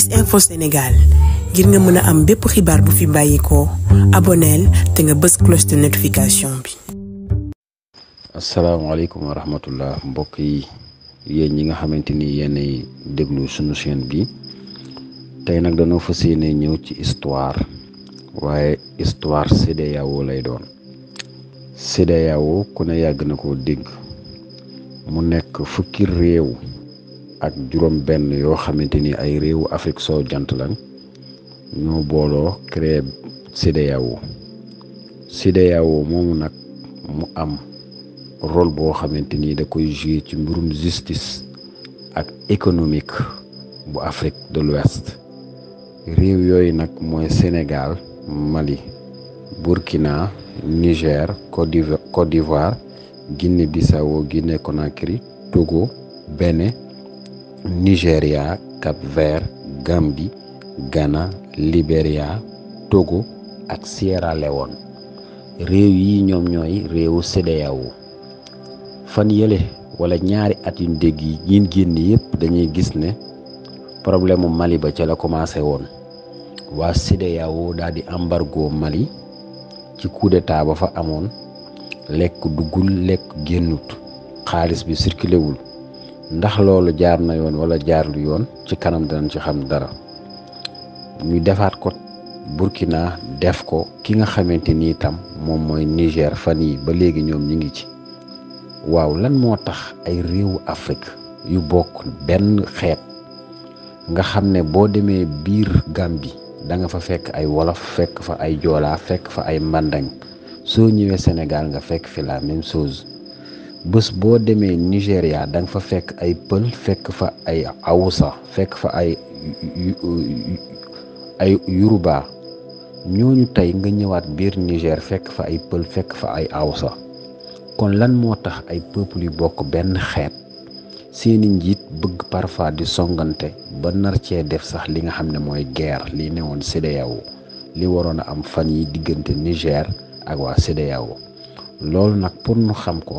gis info Sénégal ngir mën a am bépp xibaar bu nga bës cloche de wa rahmatullah mbokk yi yéen ñi nga xamante ni yéenay déglu sunu chaîne bi tey nag dañoo fas yéene ñëw ci histoire waaye histoire CEDEAO lay doon CEDEAO ku ne yàgg na koo dégg mu nekk fukki réew. ak juróom-benn yoo xamante ni ay réewu Afrique soo jant lan ñoo booloo créer CEDEAO CEDEAO moomu nag mu am rol boo xamante ni da koy jouer ci mbirum justice ak économique bu Afrique de l'Ouest réew yooyu nag mooy Sénégal Mali Burkina Niger Côte d'Ivoire Côte d'Ivoire Guinée-Bissau Togo Bénin nigeria cap vert gambi ghana liberia togo ak sierra leone réew yi ñoom ñooy réewu cdao fan yële wala ñaari at yu dégg yi ñiin génn yépp dañuy gis ne problème mali ba ca la commencé woon waa cdao daal di embargo mali ci coup d'état ba fa amoon lekk duggul lekk génnut xaalis bi circulé wul ndax loolu jaar na yoon wala jaarlu yoon ci kanam danañ ci xam dara ñu defaat ko Burkina def ko ki nga xamante ni itam moom mooy Niger fan yi ba léegi ñoom ñu ngi ci waaw lan moo tax ay réewu Afrique yu bokk benn xeet nga xam ne boo demee biir Gambie da nga fa fekk ay wolof fekk fa ay joolaa fekk fa ay mandang soo ñëwee Sénégal nga fekk fi la même chose bës boo demee Nigéria danga fa fekk ay pël fekk fa ay awusa fekk fa ay ay yoruba ñooñu tey nga ñëwaat biir Niger fekk fa ay pël fekk fa ay awusa kon lan moo tax ay peuple yu bokk benn xeet seeni njiit bëgg parfois di songante ba nar cee def sax li nga xam ne mooy guerre li newoon CEDEAO li waroon a am fan yi diggante Niger ak waa CEDEAO loolu nag pour nu xam ko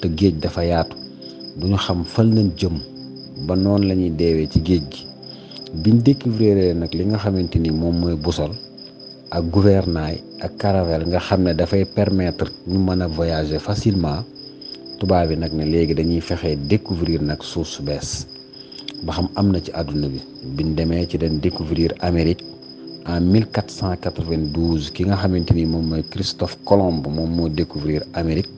te géej dafa yaatu duñu xam fan lañ jëm ba noonu la ñuy deewee ci géej gi biñ découvrir nag li nga xamante ni moom mooy busol ak gouvernail ak caravelle nga xam ne dafay permettre ñu mën a voyager facilement tubaab bi nag ne léegi dañuy fexe découvrir nag suuf su bees ba xam am na ci àdduna bi biñ demee ci den découvrir Amérique en 1492 ki nga xamante ni moom mooy Christophe Colomb moom moo découvrir Amérique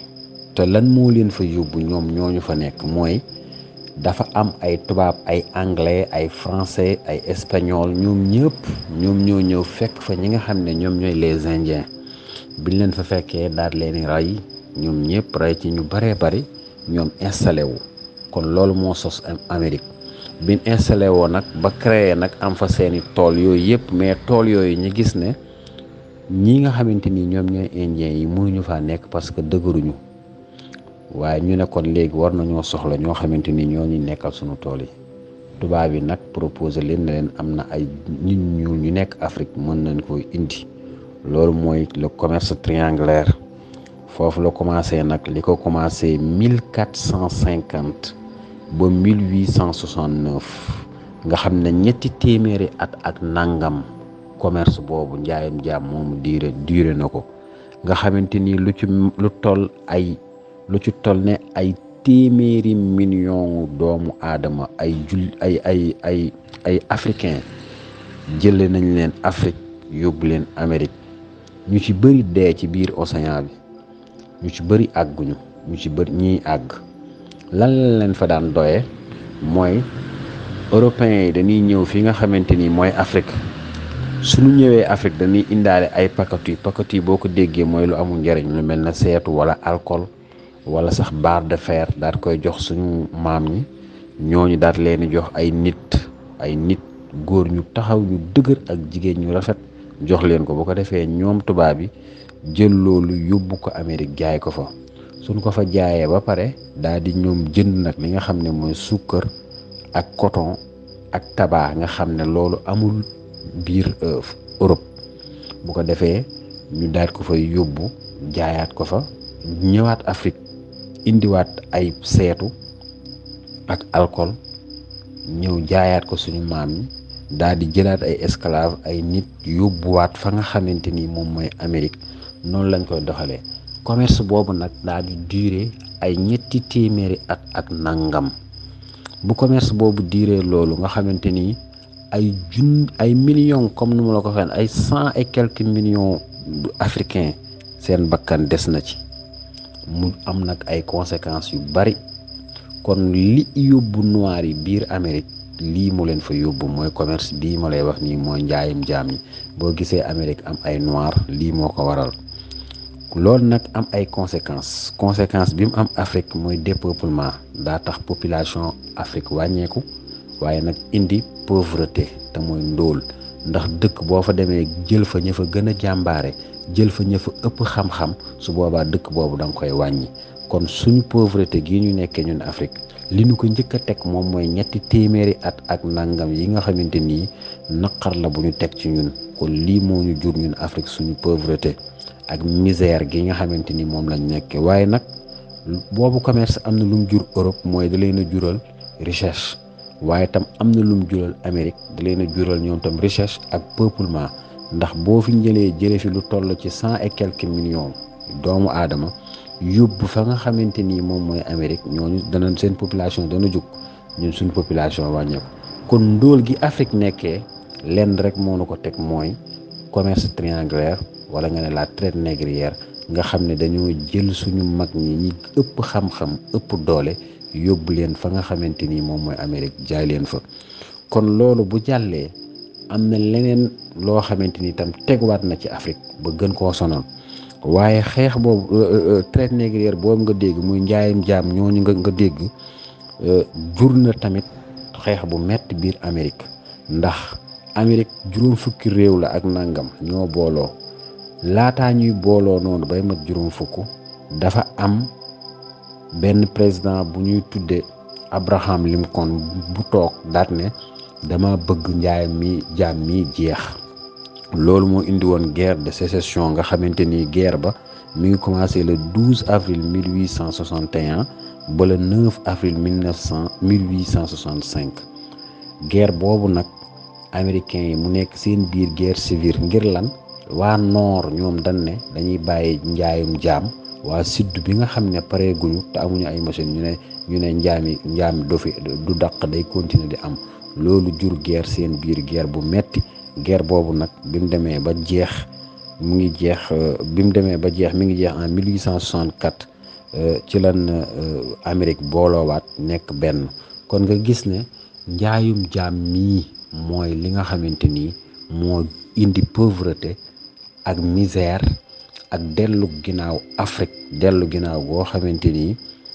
te lan moo leen fa yóbbu ñoom ñooñu fa nekk mooy dafa am ay tubaab ay anglais ay français ay espagnol ñoom ñëpp ñoom ñoo ñëw fekk fa ñi nga xam ne ñoom ñooy les indiens biñ leen fa fekkee daal leen di rey ñoom ñëpp rey ci ñu bëree bari ñoom installé wu kon loolu moo sos Amérique biñ installé woo nag ba créé nag am fa seeni tool yooyu yëpp mais tool yooyu ñu gis ne ñi nga xamante ni ñoom ñooy indiens yi mënuñu faa nekk parce que dëgëruñu waaye ñu ne kon léegi war nañoo soxla ñoo xamante ni ñoo nekkal suñu tool yi tubaab yi nag proposé leen ne leen am na ay nit ñuul ñu nekk Afrique mën nañ ko indi loolu mooy le commerce triangulaire foofu la commencé nag li ko commencé mille quatre cent cinquante ba mille huit cent soixante neuf nga xam ne ñetti téeméeri at ak nangam commerce boobu njaayam jaam moom diire na ko nga xamante ni lu ci ay. lu ci toll ne ay téeméeri million doomu aadama ay jul ay ay ay ay africain jële nañ leen Afrique yóbbu leen Amérique ñu ci bëri dee ci biir océan bi ñu ci bëri àgguñu ñu ci bëri ñiy àgg lan la leen fa daan doye mooy européens yi dañuy ñëw fi nga xamante ni mooy Afrique suñu ñëwee Afrique dañuy indaale ay pakatu yi pakatu yi boo ko déggee mooy lu amul njariñ lu mel na seetu wala alcool wala sax barre de fer daal koy jox suñu maam ñi ñooñu daal leen jox ay nit ay nit góor ñu taxaw dëgër ak jigéen ñu rafet jox leen ko bu ko defee ñoom tubaab bi jël loolu yóbbu ko Amérique jaay ko fa suñ ko fa jaayee ba pare daal di ñoom jënd nag li nga xam ne mooy suukar ak coton ak tabac nga xam ne loolu amul biir euh, Europe bu ko defee ñu daal ko fay yóbbu jaayaat ko fa ñëwaat Afrique indiwaat ay seetu ak alcool ñëw jaayaat ko suñu maam yi daal di jëlaat ay esclave ay nit yóbbuwaat fa nga xamante ni moom mooy Amérique noonu lañ koy doxalee commerce boobu nag daal di ay ñetti téeméeri at ak nangam bu commerce boobu durer loolu nga xamante ni ay jun ay millions comme nu ma la ko waxee ay cent et quelques millions seen bakkan des na ci. mu am nag ay conséquences yu bari kon li yóbbu noir yi biir Amérique lii mu leen fa commerce bii ma wax nii am ay noir lii moo am ay conséquences conséquence bi am Afrique mooy dépeuplement daa tax population Afrique wàññeeku indi pauvreté te mooy ndóol ndax dëkk boo fa demee jël jël fa ña ëpp xam-xam su boobaa dëkk boobu da koy wàññi kon suñu pauvreté gii ñu nekkee ñun Afrique li ñu ko njëkk a teg moom mooy ñetti téeméeri at ak nangam yi nga xamante nii naqar la bu ñu teg ci ñun kon lii moo ñu jur ñun Afrique suñu povreté ak misère gi nga xamante ni moom lañ nekkee waaye nag boobu commerce am na lum jur Europe mooy da leen a jural recherche waaye tam am na lu mu jural Amérique da leen a jural ñoom tam recherche ak peuplement. ndax boo fi njëlee jëlee fi lu toll ci cent et quelques doomu aadama yóbbu fa nga xamante ni moom mooy Amérique ñooñu dana seen population dana jóg ñun suñu population wàññeeku kon ndóol gi Afrique nekkee lenn rek moo nu ko teg mooy commerce triangulaire wala nga ne la traite négrière nga xam ne dañoo jël suñu mag ñi ñi ëpp xam-xam ëpp doole yóbbu leen fa nga xamante ni moom mooy Amérique jaay leen fa kon loolu bu jàllee. am na leneen loo xamante ni tam teguwaat na ci Afrique ba gën koo sonal waaye xeex boobu euh, euh, euh, traite négrière boobu nga dégg muy njaayam jaam ñooñu nga nga dégg jur na tamit xeex bu metti biir Amérique ndax Amérique juróom fukki réew la ak nangam ñoo booloo laata ñuy booloo noonu bay mat juróom fukk dafa am benn président bu ñuy tudde Abraham Lincoln bu toog daat ne dama bëgg njaay mi jaam mi jeex loolu moo indi woon guerre de sécession nga xamante ni guerre ba mi ngi commencé le 12 avril 1861 ba le 9 avril 1900 1865 guerre boobu nag américain yi mu nekk seen biir guerre civile ngir lan waa noor ñoom dañ ne dañuy bàyyi njaayum jaam waa sud bi nga xam ne pareeguñu te amuñu ay machine ñu ne ñu ne njaami njaami du fi du daq day continuer di am loolu jur geer seen biir guerre bu metti guerre boobu nag bi demee ba jeex mu ngi jeex euh, bi mu demee ba jeex mi ngi jeex en 1864 euh, ci lan euh, Amérique booloowaat nekk benn kon nga gis ne njaayum jaam mii mooy li nga xamante ni moo indi pauvreté ak misère ak dellu ginnaaw Afrique dellu ginnaaw goo xamante ni.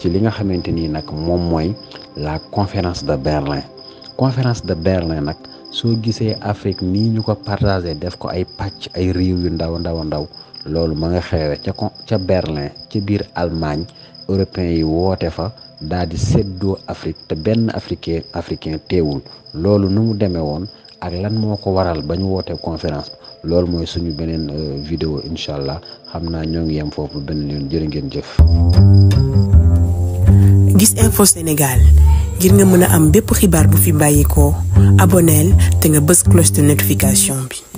ci li nga xamante ni nag moom mooy la conférence de Berlin conférence de Berlin nag soo gisee Afrique nii ñu ko partagé def ko ay pàcc ay réew yu ndaw ndaw ndaw loolu ma nga xewe ca ko ca Berlin ci biir Allemagne européens yi woote fa daal di séddoo Afrique te benn africain africain teewul loolu nu mu demee woon ak lan moo ko waral ba ñu woote conférence loolu mooy suñu beneen euh, vidéo incha allah xam naa ñoo ngi yem foofu beneen yoon jërë ngeen jëf. gis info Sénégal ngir nga mën a am bépp xibaar bu fi bàyyeekoo aboneel te nga bës cloche de notification bi.